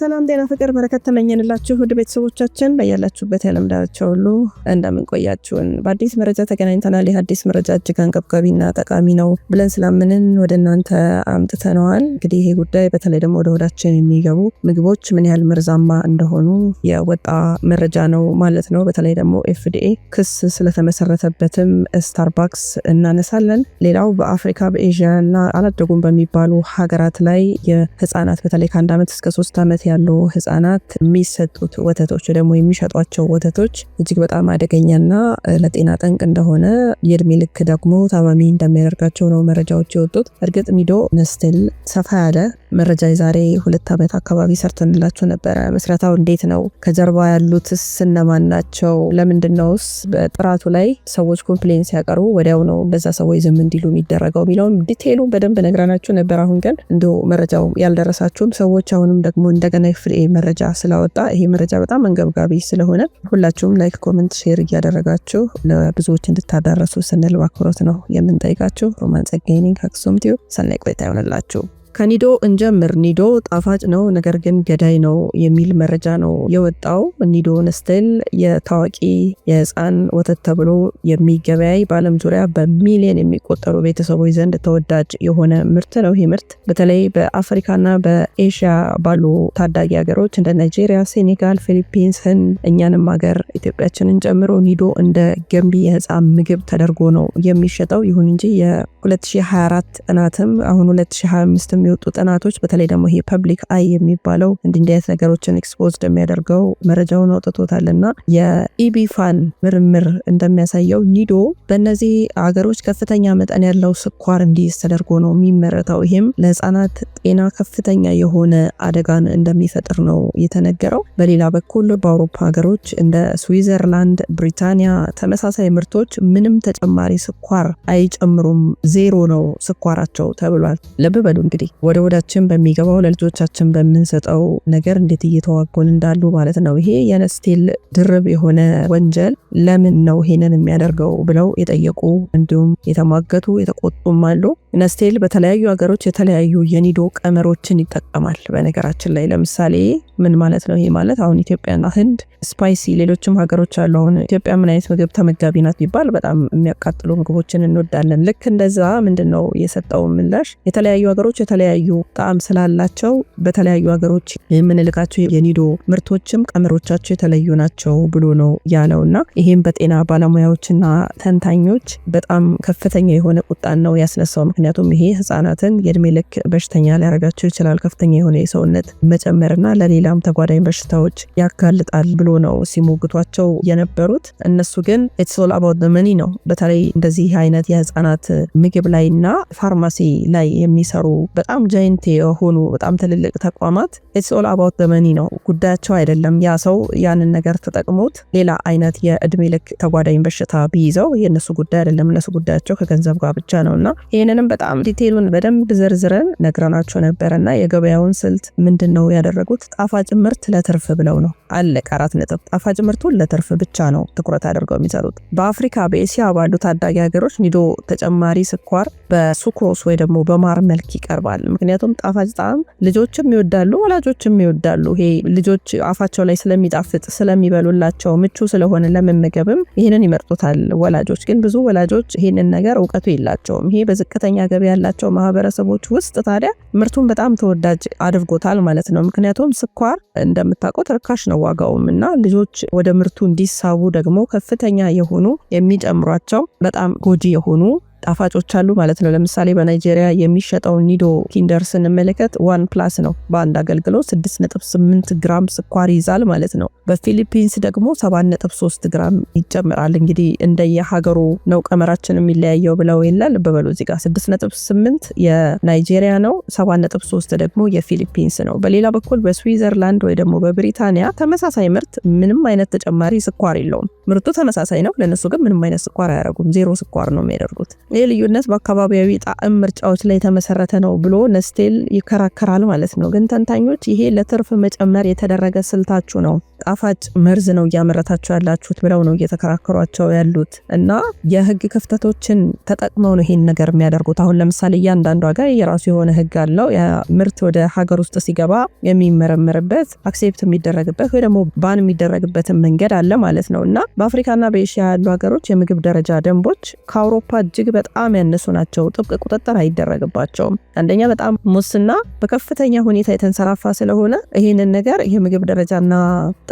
ሰላም ጤና ፍቅር በረከት ተመኘንላችሁ ውድ ቤተሰቦቻችን በያላችሁበት የዓለም ዳርቻ ሁሉ እንደምንቆያችሁን በአዲስ መረጃ ተገናኝተናል። ይህ አዲስ መረጃ እጅግ አንገብጋቢና ጠቃሚ ነው ብለን ስላምንን ወደ እናንተ አምጥተነዋል። እንግዲህ ይሄ ጉዳይ በተለይ ደግሞ ወደ ሆዳችን የሚገቡ ምግቦች ምን ያህል መርዛማ እንደሆኑ የወጣ መረጃ ነው ማለት ነው። በተለይ ደግሞ ኤፍዲኤ ክስ ስለተመሰረተበትም ስታርባክስ እናነሳለን። ሌላው በአፍሪካ በኤዥያ እና አላደጉም በሚባሉ ሀገራት ላይ የህፃናት በተለይ ከአንድ ዓመት እስከ ሶስት ዓመት ያሉ ህጻናት የሚሰጡት ወተቶች ደግሞ የሚሸጧቸው ወተቶች እጅግ በጣም አደገኛና ለጤና ጠንቅ እንደሆነ የእድሜ ልክ ደግሞ ታማሚ እንደሚያደርጋቸው ነው መረጃዎች የወጡት። እርግጥ ሚዶ ነስትል ሰፋ ያለ መረጃ የዛሬ ሁለት ዓመት አካባቢ ሰርተንላቸው ነበረ። መስረታው እንዴት ነው? ከጀርባ ያሉትስ እነማን ናቸው? ለምንድነውስ በጥራቱ ላይ ሰዎች ኮምፕሌን ሲያቀርቡ ወዲያው ነው በዛ ሰዎች ዝም እንዲሉ የሚደረገው የሚለውም ዲቴይሉ በደንብ ነግረናችሁ ነበር። አሁን ግን እንዲ መረጃው ያልደረሳችሁም ሰዎች አሁንም ደግሞ እንደገ ዘጠና ክፍል ኤ መረጃ ስላወጣ ይሄ መረጃ በጣም አንገብጋቢ ስለሆነ ሁላችሁም ላይክ፣ ኮመንት፣ ሼር እያደረጋችሁ ለብዙዎች እንድታዳረሱ ስንል በአክብሮት ነው የምንጠይቃችሁ። ሮማን ጸጋዬ ነኝ ከአክሱም ቲዩብ። ሰናይ ቆይታ ይሆንላችሁ። ከኒዶ እንጀምር። ኒዶ ጣፋጭ ነው ነገር ግን ገዳይ ነው የሚል መረጃ ነው የወጣው። ኒዶ ነስትል የታዋቂ የህፃን ወተት ተብሎ የሚገበያይ በዓለም ዙሪያ በሚሊዮን የሚቆጠሩ ቤተሰቦች ዘንድ ተወዳጅ የሆነ ምርት ነው። ይህ ምርት በተለይ በአፍሪካና በኤሽያ ባሉ ታዳጊ ሀገሮች እንደ ናይጄሪያ፣ ሴኔጋል፣ ፊሊፒንስ፣ ህንድ እኛንም ሀገር ኢትዮጵያችንን ጨምሮ ኒዶ እንደ ገንቢ የህፃን ምግብ ተደርጎ ነው የሚሸጠው። ይሁን እንጂ የ2024 ጥናትም አሁን 2025 የሚወጡ ጥናቶች በተለይ ደግሞ ይሄ ፐብሊክ አይ የሚባለው እንዲህ አይነት ነገሮችን ኤክስፖዝ የሚያደርገው መረጃውን አውጥቶታል እና የኢቢፋን ምርምር እንደሚያሳየው ኒዶ በእነዚህ አገሮች ከፍተኛ መጠን ያለው ስኳር እንዲይዝ ተደርጎ ነው የሚመረተው። ይህም ለህፃናት ጤና ከፍተኛ የሆነ አደጋን እንደሚፈጥር ነው የተነገረው። በሌላ በኩል በአውሮፓ ሀገሮች እንደ ስዊዘርላንድ፣ ብሪታንያ ተመሳሳይ ምርቶች ምንም ተጨማሪ ስኳር አይጨምሩም፣ ዜሮ ነው ስኳራቸው ተብሏል። ልብ በሉ እንግዲህ ወደ ወዳችን በሚገባው ለልጆቻችን በምንሰጠው ነገር እንዴት እየተዋጎን እንዳሉ ማለት ነው። ይሄ የነስቴል ድርብ የሆነ ወንጀል ለምን ነው ይሄንን የሚያደርገው ብለው የጠየቁ እንዲሁም የተሟገቱ የተቆጡም አሉ። ነስቴል በተለያዩ ሀገሮች የተለያዩ የኒዶ ቀመሮችን ይጠቀማል። በነገራችን ላይ ለምሳሌ ምን ማለት ነው? ይሄ ማለት አሁን ኢትዮጵያና ህንድ ስፓይሲ፣ ሌሎችም ሀገሮች አሉ። አሁን ኢትዮጵያ ምን አይነት ምግብ ተመጋቢ ናት ቢባል በጣም የሚያቃጥሉ ምግቦችን እንወዳለን። ልክ እንደዛ ምንድን ነው የሰጠው ምላሽ? የተለያዩ ሀገሮች የተለያዩ የተለያዩ ጣዕም ስላላቸው በተለያዩ ሀገሮች የምንልካቸው የኒዶ ምርቶችም ቀመሮቻቸው የተለዩ ናቸው ብሎ ነው ያለው እና ይህም በጤና ባለሙያዎችና ተንታኞች በጣም ከፍተኛ የሆነ ቁጣን ነው ያስነሳው። ምክንያቱም ይሄ ህጻናትን የእድሜ ልክ በሽተኛ ሊያረጋቸው ይችላል። ከፍተኛ የሆነ የሰውነት መጨመርና ለሌላም ተጓዳኝ በሽታዎች ያጋልጣል ብሎ ነው ሲሞግቷቸው የነበሩት። እነሱ ግን ኢትሶል አባውት መኒ ነው። በተለይ እንደዚህ አይነት የህጻናት ምግብ ላይና ፋርማሲ ላይ የሚሰሩ በጣም ጃይንት የሆኑ በጣም ትልልቅ ተቋማት ኢትስ ኦል አባውት ዘመኒ ነው ጉዳያቸው አይደለም። ያ ሰው ያንን ነገር ተጠቅሞት ሌላ አይነት የእድሜ ልክ ተጓዳኝ በሽታ ቢይዘው የእነሱ ጉዳይ አይደለም። እነሱ ጉዳያቸው ከገንዘብ ጋር ብቻ ነው እና ይህንንም በጣም ዲቴሉን በደንብ ዝርዝረን ነግረናቸው ነበረ እና የገበያውን ስልት ምንድን ነው ያደረጉት? ጣፋጭ ምርት ለትርፍ ብለው ነው አለቀ። አራት ነጥብ። ጣፋጭ ምርቱን ለትርፍ ብቻ ነው ትኩረት አድርገው የሚሰሩት። በአፍሪካ በኤሲያ ባሉ ታዳጊ ሀገሮች ኒዶ ተጨማሪ ስኳር በሱክሮስ ወይ ደግሞ በማር መልክ ይቀርባል። ይገባል። ምክንያቱም ጣፋጭ ጣዕም ልጆችም ይወዳሉ፣ ወላጆችም ይወዳሉ። ይሄ ልጆች አፋቸው ላይ ስለሚጣፍጥ ስለሚበሉላቸው ምቹ ስለሆነ ለመመገብም ይህንን ይመርጡታል ወላጆች። ግን ብዙ ወላጆች ይህንን ነገር እውቀቱ የላቸውም። ይሄ በዝቅተኛ ገቢ ያላቸው ማህበረሰቦች ውስጥ ታዲያ ምርቱን በጣም ተወዳጅ አድርጎታል ማለት ነው። ምክንያቱም ስኳር እንደምታውቁት ርካሽ ነው ዋጋውም እና ልጆች ወደ ምርቱ እንዲሳቡ ደግሞ ከፍተኛ የሆኑ የሚጨምሯቸው በጣም ጎጂ የሆኑ ጣፋጮች አሉ ማለት ነው። ለምሳሌ በናይጄሪያ የሚሸጠው ኒዶ ኪንደር ስንመለከት ዋን ፕላስ ነው። በአንድ አገልግሎት 6.8 ግራም ስኳር ይዛል ማለት ነው። በፊሊፒንስ ደግሞ 7.3 ግራም ይጨምራል። እንግዲህ እንደየሀገሩ ነው ቀመራችን የሚለያየው ብለው ይላል በበሉ እዚጋ 6.8 የናይጄሪያ ነው፣ 7.3 ደግሞ የፊሊፒንስ ነው። በሌላ በኩል በስዊዘርላንድ ወይ ደግሞ በብሪታንያ ተመሳሳይ ምርት ምንም አይነት ተጨማሪ ስኳር የለውም። ምርቱ ተመሳሳይ ነው፣ ለእነሱ ግን ምንም አይነት ስኳር አያደርጉም። ዜሮ ስኳር ነው የሚያደርጉት። ይህ ልዩነት በአካባቢያዊ ጣዕም ምርጫዎች ላይ የተመሰረተ ነው ብሎ ነስቴል ይከራከራል ማለት ነው። ግን ተንታኞች ይሄ ለትርፍ መጨመር የተደረገ ስልታችሁ ነው፣ ጣፋጭ መርዝ ነው እያመረታችሁ ያላችሁት ብለው ነው እየተከራከሯቸው ያሉት እና የህግ ክፍተቶችን ተጠቅመው ነው ይሄን ነገር የሚያደርጉት። አሁን ለምሳሌ እያንዳንዱ ጋር የራሱ የሆነ ህግ አለው። ምርት ወደ ሀገር ውስጥ ሲገባ የሚመረመርበት አክሴፕት የሚደረግበት ወይ ደግሞ ባን የሚደረግበትን መንገድ አለ ማለት ነው እና በአፍሪካና በኤሽያ ያሉ ሀገሮች የምግብ ደረጃ ደንቦች ከአውሮፓ እጅግ በጣም ያነሱ ናቸው። ጥብቅ ቁጥጥር አይደረግባቸውም። አንደኛ በጣም ሙስና በከፍተኛ ሁኔታ የተንሰራፋ ስለሆነ ይህንን ነገር የምግብ ደረጃና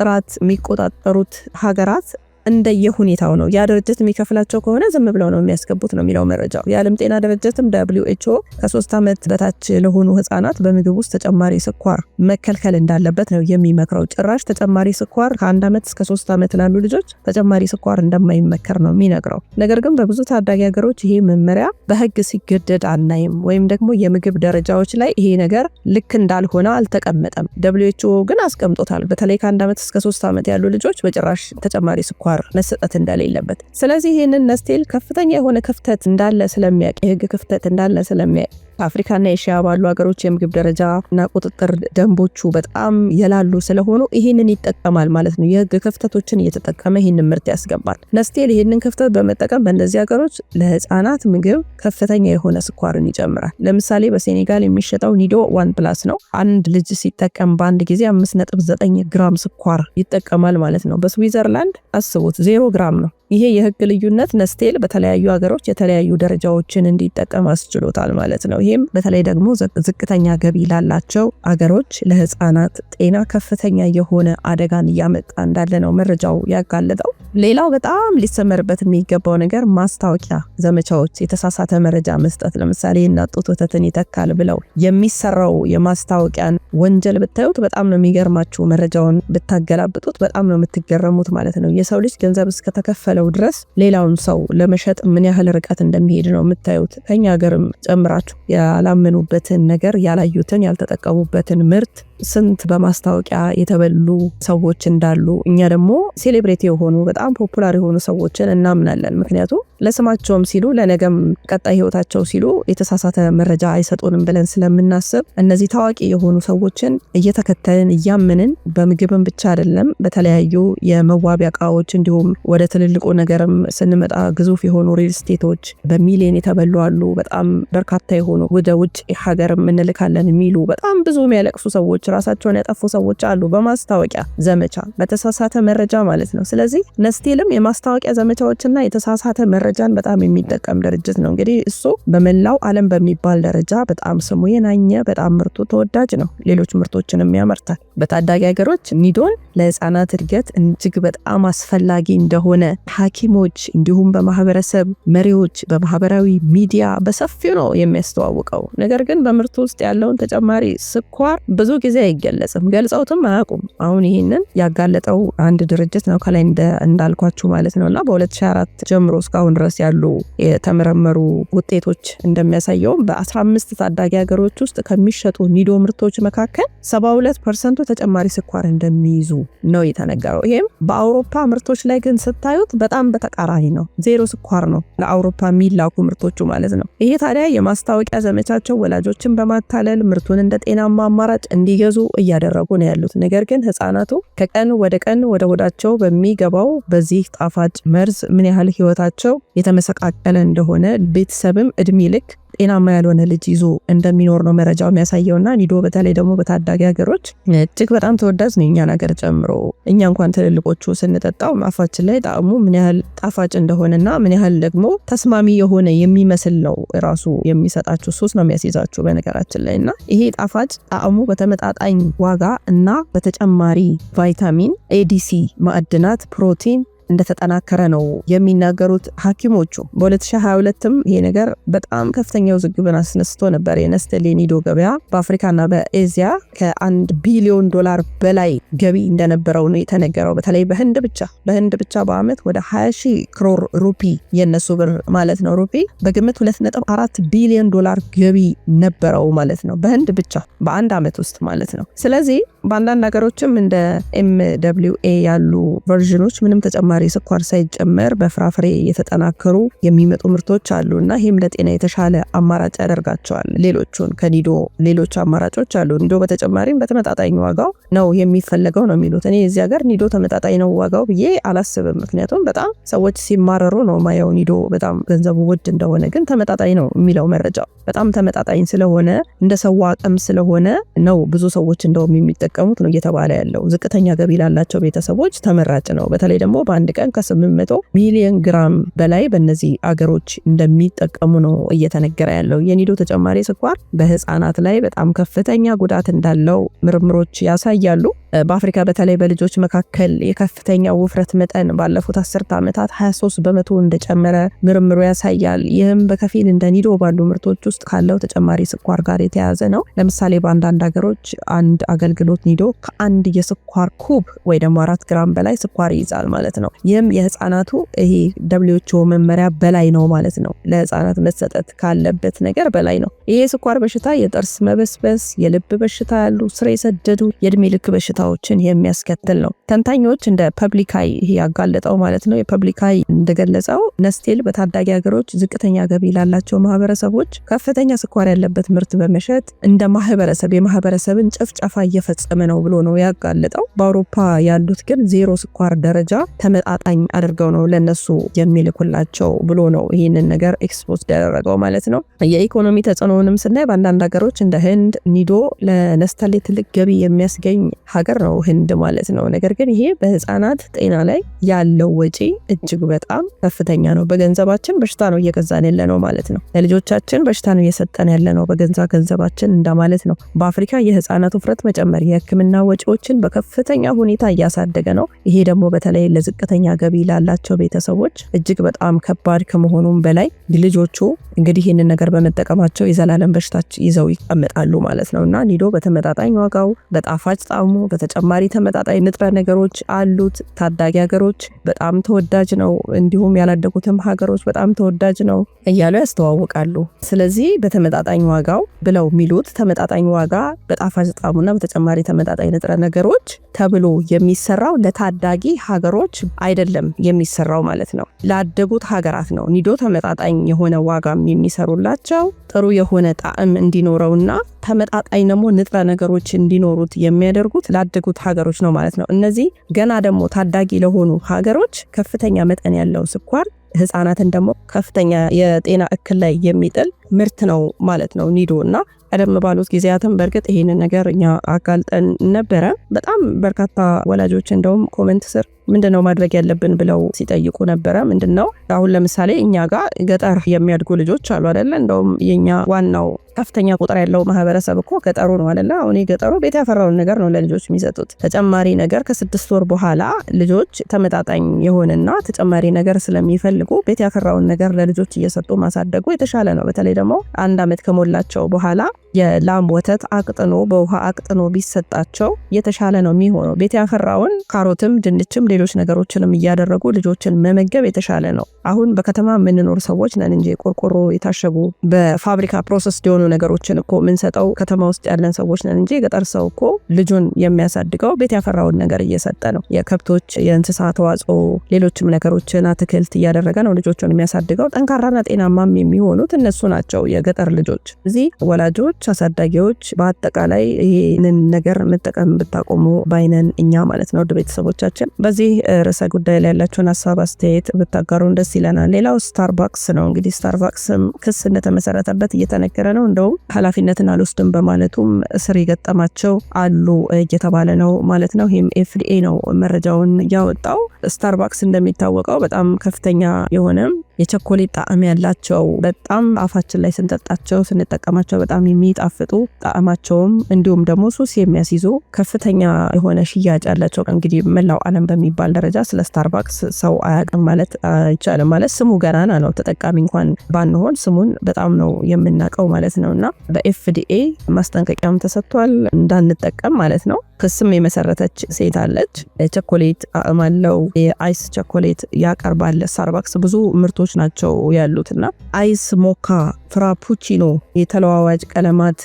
ጥራት የሚቆጣጠሩት ሀገራት እንደየ ሁኔታው ነው። ያ ድርጅት የሚከፍላቸው ከሆነ ዝም ብለው ነው የሚያስገቡት ነው የሚለው መረጃው። የዓለም ጤና ድርጅትም ደብሊው ኤች ኦ ከሶስት ዓመት በታች ለሆኑ ህጻናት በምግብ ውስጥ ተጨማሪ ስኳር መከልከል እንዳለበት ነው የሚመክረው። ጭራሽ ተጨማሪ ስኳር ከአንድ ዓመት እስከ ሶስት ዓመት ላሉ ልጆች ተጨማሪ ስኳር እንደማይመከር ነው የሚነግረው። ነገር ግን በብዙ ታዳጊ ሀገሮች ይሄ መመሪያ በህግ ሲገደድ አናይም፣ ወይም ደግሞ የምግብ ደረጃዎች ላይ ይሄ ነገር ልክ እንዳልሆነ አልተቀመጠም። ደብሊው ኤች ኦ ግን አስቀምጦታል። በተለይ ከአንድ ዓመት እስከ ሶስት ዓመት ያሉ ልጆች በጭራሽ ተጨማሪ ስኳር ተግባር መሰጠት እንደሌለበት። ስለዚህ ይህንን ነስቴል ከፍተኛ የሆነ ክፍተት እንዳለ ስለሚያውቅ የህግ ክፍተት እንዳለ ስለሚያውቅ ከአፍሪካና ኤሽያ ባሉ ሀገሮች የምግብ ደረጃ እና ቁጥጥር ደንቦቹ በጣም የላሉ ስለሆኑ ይህንን ይጠቀማል ማለት ነው። የህግ ክፍተቶችን እየተጠቀመ ይህንን ምርት ያስገባል። ነስቴል ይህንን ክፍተት በመጠቀም በእነዚህ ሀገሮች ለህፃናት ምግብ ከፍተኛ የሆነ ስኳርን ይጨምራል። ለምሳሌ በሴኔጋል የሚሸጠው ኒዶ ዋን ፕላስ ነው። አንድ ልጅ ሲጠቀም በአንድ ጊዜ 5.9 ግራም ስኳር ይጠቀማል ማለት ነው። በስዊዘርላንድ አስቡት ዜሮ ግራም ነው። ይሄ የህግ ልዩነት ነስቴል በተለያዩ ሀገሮች የተለያዩ ደረጃዎችን እንዲጠቀም አስችሎታል ማለት ነው። ይህም በተለይ ደግሞ ዝቅተኛ ገቢ ላላቸው አገሮች ለህፃናት ጤና ከፍተኛ የሆነ አደጋን እያመጣ እንዳለ ነው መረጃው ያጋለጠው። ሌላው በጣም ሊሰመርበት የሚገባው ነገር ማስታወቂያ ዘመቻዎች፣ የተሳሳተ መረጃ መስጠት ለምሳሌ እናት ጡት ወተትን ይተካል ብለው የሚሰራው የማስታወቂያን ወንጀል ብታዩት በጣም ነው የሚገርማችሁ። መረጃውን ብታገላብጡት በጣም ነው የምትገረሙት ማለት ነው። የሰው ልጅ ገንዘብ እስከተከፈለው እስከምንችለው ድረስ ሌላውን ሰው ለመሸጥ ምን ያህል ርቀት እንደሚሄድ ነው የምታዩት። ከኛ ሀገርም ጨምራችሁ ያላመኑበትን ነገር ያላዩትን ያልተጠቀሙበትን ምርት ስንት በማስታወቂያ የተበሉ ሰዎች እንዳሉ እኛ ደግሞ ሴሌብሬቲ የሆኑ በጣም ፖፑላር የሆኑ ሰዎችን እናምናለን። ምክንያቱም ለስማቸውም ሲሉ ለነገም ቀጣይ ህይወታቸው ሲሉ የተሳሳተ መረጃ አይሰጡንም ብለን ስለምናስብ እነዚህ ታዋቂ የሆኑ ሰዎችን እየተከተልን እያምንን በምግብም ብቻ አይደለም በተለያዩ የመዋቢያ እቃዎች እንዲሁም ወደ ትልልቅ ትልቁ ነገርም ስንመጣ ግዙፍ የሆኑ ሪል ስቴቶች በሚሊዮን የተበሉ አሉ። በጣም በርካታ የሆኑ ወደ ውጭ ሀገርም እንልካለን የሚሉ በጣም ብዙ የሚያለቅሱ ሰዎች፣ ራሳቸውን ያጠፉ ሰዎች አሉ። በማስታወቂያ ዘመቻ፣ በተሳሳተ መረጃ ማለት ነው። ስለዚህ ነስቴልም የማስታወቂያ ዘመቻዎችና የተሳሳተ መረጃን በጣም የሚጠቀም ድርጅት ነው። እንግዲህ እሱ በመላው ዓለም በሚባል ደረጃ በጣም ስሙ የናኘ በጣም ምርቱ ተወዳጅ ነው። ሌሎች ምርቶችንም ያመርታል። በታዳጊ ሀገሮች ኒዶን ለህፃናት እድገት እጅግ በጣም አስፈላጊ እንደሆነ ሐኪሞች እንዲሁም በማህበረሰብ መሪዎች በማህበራዊ ሚዲያ በሰፊው ነው የሚያስተዋውቀው። ነገር ግን በምርት ውስጥ ያለውን ተጨማሪ ስኳር ብዙ ጊዜ አይገለጽም፣ ገልጸውትም አያውቁም። አሁን ይህንን ያጋለጠው አንድ ድርጅት ነው ከላይ እንዳልኳችሁ ማለት ነው እና በ2004 ጀምሮ እስካሁን ድረስ ያሉ የተመረመሩ ውጤቶች እንደሚያሳየውም በ15 ታዳጊ ሀገሮች ውስጥ ከሚሸጡ ኒዶ ምርቶች መካከል 72 ፐርሰንቱ ተጨማሪ ስኳር እንደሚይዙ ነው የተነገረው። ይህም በአውሮፓ ምርቶች ላይ ግን ስታዩት በጣም በተቃራኒ ነው። ዜሮ ስኳር ነው ለአውሮፓ የሚላኩ ምርቶቹ ማለት ነው። ይሄ ታዲያ የማስታወቂያ ዘመቻቸው ወላጆችን በማታለል ምርቱን እንደ ጤናማ አማራጭ እንዲገዙ እያደረጉ ነው ያሉት። ነገር ግን ህጻናቱ ከቀን ወደ ቀን ወደ ሆዳቸው በሚገባው በዚህ ጣፋጭ መርዝ ምን ያህል ህይወታቸው የተመሰቃቀለ እንደሆነ ቤተሰብም እድሜ ልክ ጤናማ ያልሆነ ልጅ ይዞ እንደሚኖር ነው መረጃው የሚያሳየውና ኒዶ በተለይ ደግሞ በታዳጊ ሀገሮች እጅግ በጣም ተወዳጅ ነው፣ እኛን ሀገር ጨምሮ። እኛ እንኳን ትልልቆቹ ስንጠጣው አፋችን ላይ ጣዕሙ ምን ያህል ጣፋጭ እንደሆነ እና ምን ያህል ደግሞ ተስማሚ የሆነ የሚመስል ነው ራሱ የሚሰጣችሁ ሶስት ነው የሚያስይዛችሁ በነገራችን ላይ እና ይሄ ጣፋጭ ጣዕሙ በተመጣጣኝ ዋጋ እና በተጨማሪ ቫይታሚን፣ ኤዲሲ፣ ማዕድናት፣ ፕሮቲን እንደተጠናከረ ነው የሚናገሩት ሐኪሞቹ። በ2022ም ይሄ ነገር በጣም ከፍተኛ ውዝግብን አስነስቶ ነበር። የነስቴሌ ኒዶ ገበያ በአፍሪካና በኤዚያ ከአንድ ቢሊዮን ዶላር በላይ ገቢ እንደነበረው ነው የተነገረው። በተለይ በህንድ ብቻ በህንድ ብቻ በአመት ወደ 20 ሺህ ክሮር ሩፒ የነሱ ብር ማለት ነው ሩፒ በግምት 2.4 ቢሊዮን ዶላር ገቢ ነበረው ማለት ነው በህንድ ብቻ በአንድ አመት ውስጥ ማለት ነው። ስለዚህ በአንዳንድ ሀገሮችም እንደ ኤምደብሊውኤ ያሉ ቨርዥኖች ምንም ተጨማሪ ስኳር ሳይጨመር በፍራፍሬ የተጠናከሩ የሚመጡ ምርቶች አሉ እና ይህም ለጤና የተሻለ አማራጭ ያደርጋቸዋል። ሌሎቹን ከኒዶ ሌሎች አማራጮች አሉ። ኒዶ በተጨማሪም በተመጣጣኝ ዋጋው ነው የሚፈለገው ነው የሚሉት። እኔ እዚህ ሀገር ኒዶ ተመጣጣኝ ነው ዋጋው ብዬ አላስብም። ምክንያቱም በጣም ሰዎች ሲማረሩ ነው ማየው። ኒዶ በጣም ገንዘቡ ውድ እንደሆነ ግን ተመጣጣኝ ነው የሚለው መረጃው በጣም ተመጣጣኝ ስለሆነ እንደ ሰው አቅም ስለሆነ ነው ብዙ ሰዎች እንደውም የሚጠቀሙ ቢጠቀሙት ነው እየተባለ ያለው። ዝቅተኛ ገቢ ላላቸው ቤተሰቦች ተመራጭ ነው። በተለይ ደግሞ በአንድ ቀን ከ800 ሚሊዮን ግራም በላይ በእነዚህ አገሮች እንደሚጠቀሙ ነው እየተነገረ ያለው። የኒዶ ተጨማሪ ስኳር በህፃናት ላይ በጣም ከፍተኛ ጉዳት እንዳለው ምርምሮች ያሳያሉ። በአፍሪካ በተለይ በልጆች መካከል የከፍተኛ ውፍረት መጠን ባለፉት አስርት ዓመታት 23 በመቶ እንደጨመረ ምርምሩ ያሳያል። ይህም በከፊል እንደ ኒዶ ባሉ ምርቶች ውስጥ ካለው ተጨማሪ ስኳር ጋር የተያያዘ ነው። ለምሳሌ በአንዳንድ ሀገሮች አንድ አገልግሎት ኒዶ ከአንድ የስኳር ኩብ ወይ ደግሞ አራት ግራም በላይ ስኳር ይይዛል ማለት ነው። ይህም የህፃናቱ ይሄ ደብሊውኤችኦ መመሪያ በላይ ነው ማለት ነው። ለህፃናት መሰጠት ካለበት ነገር በላይ ነው። ይሄ የስኳር በሽታ የጥርስ መበስበስ፣ የልብ በሽታ ያሉ ስር የሰደዱ የእድሜ ልክ በሽታዎችን የሚያስከትል ነው። ተንታኞች እንደ ፐብሊካይ ይሄ ያጋለጠው ማለት ነው። የፐብሊካይ እንደገለጸው ነስቴል በታዳጊ ሀገሮች ዝቅተኛ ገቢ ላላቸው ማህበረሰቦች ከፍተኛ ስኳር ያለበት ምርት በመሸጥ እንደ ማህበረሰብ የማህበረሰብን ጭፍጨፋ እየፈጸ እየተጠቀመ ነው ብሎ ነው ያጋለጠው። በአውሮፓ ያሉት ግን ዜሮ ስኳር ደረጃ ተመጣጣኝ አድርገው ነው ለነሱ የሚልኩላቸው ብሎ ነው ይህንን ነገር ኤክስፖዝ ያደረገው ማለት ነው። የኢኮኖሚ ተጽዕኖውንም ስናይ በአንዳንድ ሀገሮች እንደ ህንድ ኒዶ ለነስታሌ ትልቅ ገቢ የሚያስገኝ ሀገር ነው ህንድ ማለት ነው። ነገር ግን ይሄ በህፃናት ጤና ላይ ያለው ወጪ እጅግ በጣም ከፍተኛ ነው። በገንዘባችን በሽታ ነው እየገዛን ያለ ነው ማለት ነው። ለልጆቻችን በሽታ ነው እየሰጠን ያለ ነው በገንዘባችን እንዳማለት ነው። በአፍሪካ የህፃናት ውፍረት መጨመር የህክምና ወጪዎችን በከፍተኛ ሁኔታ እያሳደገ ነው። ይሄ ደግሞ በተለይ ለዝቅተኛ ገቢ ላላቸው ቤተሰቦች እጅግ በጣም ከባድ ከመሆኑም በላይ ልጆቹ እንግዲህ ይህንን ነገር በመጠቀማቸው የዘላለም በሽታች ይዘው ይቀመጣሉ ማለት ነው እና ኒዶ በተመጣጣኝ ዋጋው በጣፋጭ ጣዕሙ በተጨማሪ ተመጣጣኝ ንጥረ ነገሮች አሉት። ታዳጊ ሀገሮች በጣም ተወዳጅ ነው፣ እንዲሁም ያላደጉትም ሀገሮች በጣም ተወዳጅ ነው እያሉ ያስተዋውቃሉ። ስለዚህ በተመጣጣኝ ዋጋው ብለው የሚሉት ተመጣጣኝ ዋጋ በጣፋጭ ጣዕሙና በተጨማሪ የተመጣጣኝ ንጥረ ነገሮች ተብሎ የሚሰራው ለታዳጊ ሀገሮች አይደለም የሚሰራው ማለት ነው። ላደጉት ሀገራት ነው ኒዶ ተመጣጣኝ የሆነ ዋጋም የሚሰሩላቸው ጥሩ የሆነ ጣዕም እንዲኖረውና ተመጣጣኝ ደግሞ ንጥረ ነገሮች እንዲኖሩት የሚያደርጉት ላደጉት ሀገሮች ነው ማለት ነው። እነዚህ ገና ደግሞ ታዳጊ ለሆኑ ሀገሮች ከፍተኛ መጠን ያለው ስኳር ህፃናትን ደግሞ ከፍተኛ የጤና እክል ላይ የሚጥል ምርት ነው ማለት ነው ኒዶ እና ቀደም ባሉት ጊዜያትም በእርግጥ ይህንን ነገር እኛ አጋልጠን ነበረ። በጣም በርካታ ወላጆች እንደውም ኮመንት ስር ምንድነው ማድረግ ያለብን ብለው ሲጠይቁ ነበረ። ምንድነው አሁን ለምሳሌ እኛ ጋር ገጠር የሚያድጉ ልጆች አሉ አደለ? እንደውም የኛ ዋናው ከፍተኛ ቁጥር ያለው ማህበረሰብ እኮ ገጠሩ ነው አለ። አሁን ገጠሩ ቤት ያፈራውን ነገር ነው ለልጆች የሚሰጡት። ተጨማሪ ነገር ከስድስት ወር በኋላ ልጆች ተመጣጣኝ የሆነና ተጨማሪ ነገር ስለሚፈልጉ ቤት ያፈራውን ነገር ለልጆች እየሰጡ ማሳደጉ የተሻለ ነው። በተለይ ደግሞ አንድ አመት ከሞላቸው በኋላ የላም ወተት አቅጥኖ በውሃ አቅጥኖ ቢሰጣቸው የተሻለ ነው የሚሆነው። ቤት ያፈራውን ካሮትም፣ ድንችም ሌሎች ነገሮችንም እያደረጉ ልጆችን መመገብ የተሻለ ነው። አሁን በከተማ የምንኖር ሰዎች ነን እንጂ ቆርቆሮ የታሸጉ በፋብሪካ ፕሮሰስ የሆኑ ነገሮችን እኮ የምንሰጠው ከተማ ውስጥ ያለን ሰዎች ነን እንጂ የገጠር ሰው እኮ ልጁን የሚያሳድገው ቤት ያፈራውን ነገር እየሰጠ ነው። የከብቶች የእንስሳ ተዋጽኦ፣ ሌሎችም ነገሮችን አትክልት እያደረገ ነው ልጆቹን የሚያሳድገው። ጠንካራና ጤናማም የሚሆኑት እነሱ ናቸው የገጠር ልጆች። እዚህ ወላጆች አሳዳጊዎች በአጠቃላይ ይህንን ነገር መጠቀም ብታቆሙ ባይነን እኛ ማለት ነው። ውድ ቤተሰቦቻችን በዚህ ርዕሰ ጉዳይ ላይ ያላችሁን ሀሳብ አስተያየት ብታጋሩን ደስ ይለናል። ሌላው ስታርባክስ ነው። እንግዲህ ስታርባክስም ክስ እንደተመሰረተበት እየተነገረ ነው። እንደውም ኃላፊነትን አልወስድም በማለቱም እስር የገጠማቸው አሉ እየተባለ ነው ማለት ነው። ይህም ኤፍዲኤ ነው መረጃውን ያወጣው። ስታርባክስ እንደሚታወቀው በጣም ከፍተኛ የሆነ የቸኮሌት ጣዕም ያላቸው በጣም አፋችን ላይ ስንጠጣቸው ስንጠቀማቸው በጣም የሚጣፍጡ ጣዕማቸውም እንዲሁም ደግሞ ሱስ የሚያስይዙ ከፍተኛ የሆነ ሽያጭ ያላቸው እንግዲህ መላው ዓለም በሚባል ደረጃ ስለ ስታርባክስ ሰው አያውቅም ማለት አይቻልም። ማለት ስሙ ገናና ነው። ተጠቃሚ እንኳን ባንሆን ስሙን በጣም ነው የምናውቀው ማለት ነው። እና በኤፍዲኤ ማስጠንቀቂያም ተሰጥቷል እንዳንጠቀም ማለት ነው። ክስም የመሰረተች ሴት አለች። ቸኮሌት ጣዕም አለው የአይስ ቸኮሌት ያቀርባል ስታርባክስ ብዙ ምርቶ ምርቶች ናቸው ያሉት እና አይስ ሞካ፣ ፍራፑቺኖ የተለዋዋጭ ቀለማት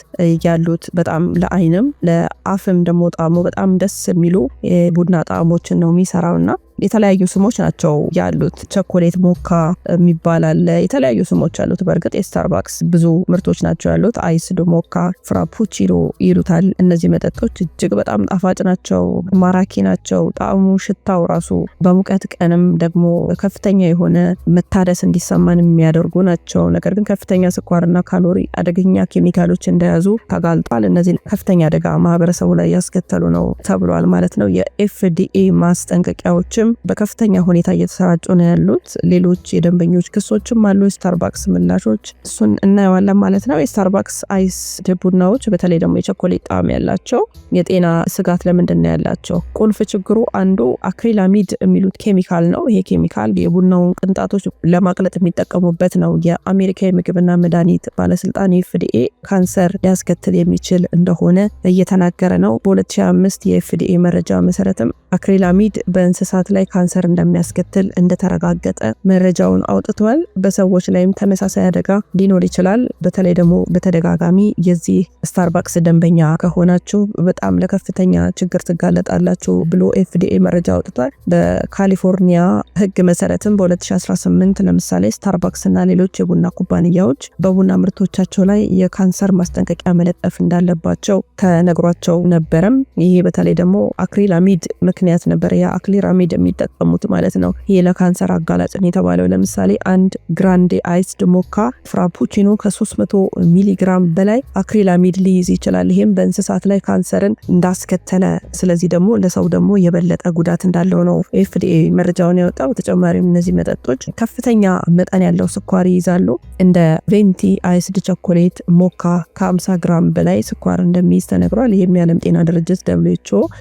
ያሉት በጣም ለአይንም ለአፍም ደግሞ ጣሙ በጣም ደስ የሚሉ የቡና ጣዕሞችን ነው የሚሰራው እና የተለያዩ ስሞች ናቸው ያሉት። ቸኮሌት ሞካ የሚባል አለ። የተለያዩ ስሞች አሉት። በእርግጥ የስታርባክስ ብዙ ምርቶች ናቸው ያሉት። አይስድ ሞካ፣ ፍራፑቺኖ ይሉታል። እነዚህ መጠጦች እጅግ በጣም ጣፋጭ ናቸው፣ ማራኪ ናቸው። ጣዕሙ፣ ሽታው ራሱ በሙቀት ቀንም ደግሞ ከፍተኛ የሆነ መታደስ እንዲሰማን የሚያደርጉ ናቸው። ነገር ግን ከፍተኛ ስኳርና ካሎሪ፣ አደገኛ ኬሚካሎች እንደያዙ ተጋልጧል። እነዚህ ከፍተኛ አደጋ ማህበረሰቡ ላይ ያስከተሉ ነው ተብሏል ማለት ነው። የኤፍዲኤ ማስጠንቀቂያዎችም ክሶችም በከፍተኛ ሁኔታ እየተሰራጩ ነው ያሉት። ሌሎች የደንበኞች ክሶችም አሉ። የስታርባክስ ምላሾች እሱን እናየዋለን ማለት ነው። የስታርባክስ አይስ ቡናዎች በተለይ ደግሞ የቸኮሌት ጣዕም ያላቸው የጤና ስጋት ለምንድን ነው ያላቸው? ቁልፍ ችግሩ አንዱ አክሪላሚድ የሚሉት ኬሚካል ነው። ይሄ ኬሚካል የቡናውን ቅንጣቶች ለማቅለጥ የሚጠቀሙበት ነው። የአሜሪካ የምግብና መድኃኒት ባለስልጣን ኤፍዲኤ ካንሰር ሊያስከትል የሚችል እንደሆነ እየተናገረ ነው። በ2005 የኤፍዲኤ መረጃ መሰረትም አክሪላሚድ በእንስሳት ላይ ላይ ካንሰር እንደሚያስከትል እንደተረጋገጠ መረጃውን አውጥቷል። በሰዎች ላይም ተመሳሳይ አደጋ ሊኖር ይችላል። በተለይ ደግሞ በተደጋጋሚ የዚህ ስታርባክስ ደንበኛ ከሆናችሁ በጣም ለከፍተኛ ችግር ትጋለጣላችሁ ብሎ ኤፍዲኤ መረጃ አውጥቷል። በካሊፎርኒያ ህግ መሰረትም በ2018 ለምሳሌ ስታርባክስ እና ሌሎች የቡና ኩባንያዎች በቡና ምርቶቻቸው ላይ የካንሰር ማስጠንቀቂያ መለጠፍ እንዳለባቸው ተነግሯቸው ነበረም። ይሄ በተለይ ደግሞ አክሪላሚድ ምክንያት ነበር። ያ አክሪላሚድ የሚ የሚጠቀሙት ማለት ነው። ይህ ለካንሰር አጋላጭን የተባለው ለምሳሌ አንድ ግራንዴ አይስድ ሞካ ፍራፑቺኖ ከ300 ሚሊግራም በላይ አክሪላሚድ ሊይዝ ይችላል። ይህም በእንስሳት ላይ ካንሰርን እንዳስከተለ ስለዚህ ደግሞ ለሰው ደግሞ የበለጠ ጉዳት እንዳለው ነው ኤፍዲኤ መረጃውን ያወጣው። በተጨማሪም እነዚህ መጠጦች ከፍተኛ መጠን ያለው ስኳር ይይዛሉ። እንደ ቬንቲ አይስድ ቸኮሌት ሞካ ከ50 ግራም በላይ ስኳር እንደሚይዝ ተነግሯል። ይህም የዓለም ጤና ድርጅት ደብሊው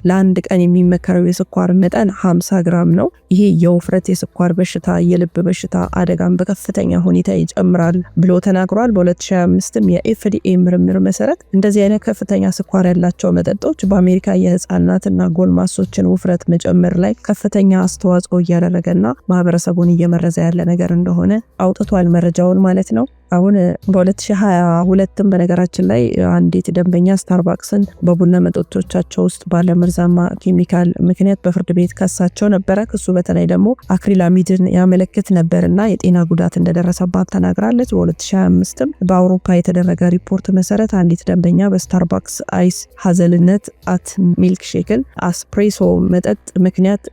ለአንድ ቀን የሚመከረው የስኳር መጠን 50 ግራም በሽታም ነው። ይሄ የውፍረት፣ የስኳር በሽታ፣ የልብ በሽታ አደጋን በከፍተኛ ሁኔታ ይጨምራል ብሎ ተናግሯል። በ2025ም የኤፍዲኤ ምርምር መሰረት እንደዚህ አይነት ከፍተኛ ስኳር ያላቸው መጠጦች በአሜሪካ የህፃናትና ጎልማሶችን ውፍረት መጨመር ላይ ከፍተኛ አስተዋጽኦ እያደረገና ማህበረሰቡን እየመረዘ ያለ ነገር እንደሆነ አውጥቷል መረጃውን ማለት ነው። አሁን በ2022 በነገራችን ላይ አንዲት ደንበኛ ስታርባክስን በቡና መጠጦቻቸው ውስጥ ባለመርዛማ ኬሚካል ምክንያት በፍርድ ቤት ከሳቸው ነበረ። ክሱ በተለይ ደግሞ አክሪላሚድን ያመለክት ነበር እና የጤና ጉዳት እንደደረሰባት ተናግራለች። በ2025ም በአውሮፓ የተደረገ ሪፖርት መሰረት አንዲት ደንበኛ በስታርባክስ አይስ ሀዘልነት አት ሚልክሼክን አስፕሬሶ መጠጥ ምክንያት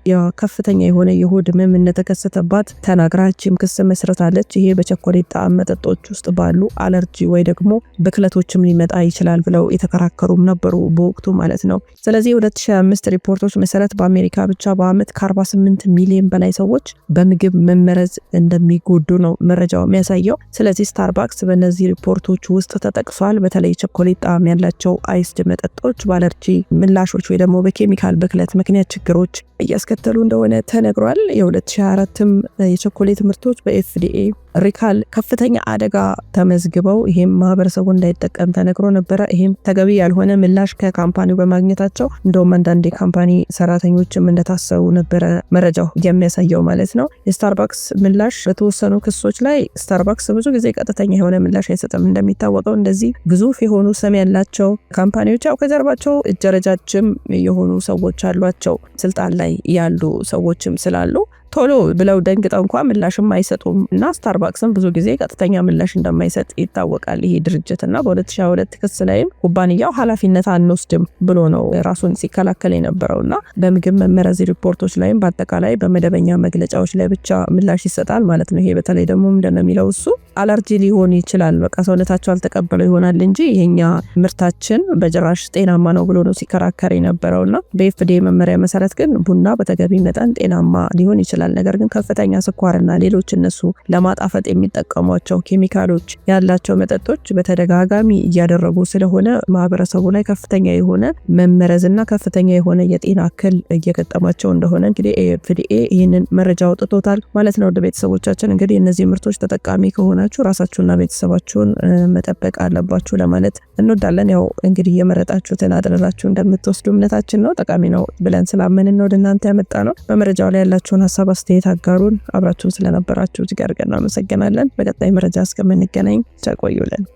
ከፍተኛ የሆነ የሆድ ህመም እንደተከሰተባት ተናግራችም ክስ መስረታለች። ይሄ በቸኮሌት ጣዕም መጠጦች ውስጥ ባሉ አለርጂ ወይ ደግሞ ብክለቶችም ሊመጣ ይችላል ብለው የተከራከሩም ነበሩ በወቅቱ ማለት ነው። ስለዚህ 2025 ሪፖርቶች መሰረት በአሜሪካ ብቻ በአመት ከ48 ሚሊዮን በላይ ሰዎች በምግብ መመረዝ እንደሚጎዱ ነው መረጃው የሚያሳየው። ስለዚህ ስታርባክስ በእነዚህ ሪፖርቶች ውስጥ ተጠቅሷል። በተለይ ቸኮሌት ጣዕም ያላቸው አይስድ መጠጦች በአለርጂ ምላሾች ወይ ደግሞ በኬሚካል ብክለት ምክንያት ችግሮች እያስከተሉ እንደሆነ ተነግሯል። የ2024ም የቸኮሌት ምርቶች በኤፍዲኤ ሪካል ከፍተኛ አደጋ ተመዝግበው ይሄም ማህበረሰቡ እንዳይጠቀም ተነግሮ ነበረ። ይሄም ተገቢ ያልሆነ ምላሽ ከካምፓኒው በማግኘታቸው እንደውም አንዳንድ የካምፓኒ ሰራተኞችም እንደታሰሩ ነበረ መረጃው የሚያሳየው ማለት ነው። የስታርባክስ ምላሽ በተወሰኑ ክሶች ላይ ስታርባክስ ብዙ ጊዜ ቀጥተኛ የሆነ ምላሽ አይሰጥም። እንደሚታወቀው እንደዚህ ግዙፍ የሆኑ ስም ያላቸው ካምፓኒዎች ያው ከጀርባቸው እጀረጃጅም የሆኑ ሰዎች አሏቸው ስልጣን ላይ ላይ ያሉ ሰዎችም ስላሉ ቶሎ ብለው ደንግጠው እንኳ ምላሽም አይሰጡም እና ስታርባክስም ብዙ ጊዜ ቀጥተኛ ምላሽ እንደማይሰጥ ይታወቃል ይሄ ድርጅት እና በ2022 ክስ ላይም ኩባንያው ኃላፊነት አንወስድም ብሎ ነው ራሱን ሲከላከል የነበረው እና በምግብ መመረዝ ሪፖርቶች ላይም በአጠቃላይ በመደበኛ መግለጫዎች ላይ ብቻ ምላሽ ይሰጣል ማለት ነው። ይሄ በተለይ ደግሞ ምንድነው የሚለው እሱ አለርጂ ሊሆን ይችላል በቃ ሰውነታቸው አልተቀበለው ይሆናል እንጂ ይሄኛ ምርታችን በጭራሽ ጤናማ ነው ብሎ ነው ሲከራከር የነበረው እና በኤፍዴ መመሪያ መሰረት ግን ቡና በተገቢ መጠን ጤናማ ሊሆን ይችላል ይችላል። ነገር ግን ከፍተኛ ስኳርና ሌሎች እነሱ ለማጣፈጥ የሚጠቀሟቸው ኬሚካሎች ያላቸው መጠጦች በተደጋጋሚ እያደረጉ ስለሆነ ማህበረሰቡ ላይ ከፍተኛ የሆነ መመረዝና ከፍተኛ የሆነ የጤና እክል እየገጠማቸው እንደሆነ እንግዲህ ኤኤፍዲኤ ይህንን መረጃ አውጥቶታል ማለት ነው። ወደ ቤተሰቦቻችን እንግዲህ እነዚህ ምርቶች ተጠቃሚ ከሆናችሁ ራሳችሁና ቤተሰባችሁን መጠበቅ አለባችሁ ለማለት እንወዳለን። ያው እንግዲህ የመረጣችሁትን አድረራችሁ እንደምትወስዱ እምነታችን ነው። ጠቃሚ ነው ብለን ስላመንን ነው ወደ እናንተ ያመጣ ነው። በመረጃው ላይ ያላችሁን ሀሳብ አስተያየት አጋሩን። አብራችሁን ስለነበራችሁ እጅግ አድርገን እናመሰግናለን። በቀጣይ መረጃ እስከምንገናኝ ተቆዩልን።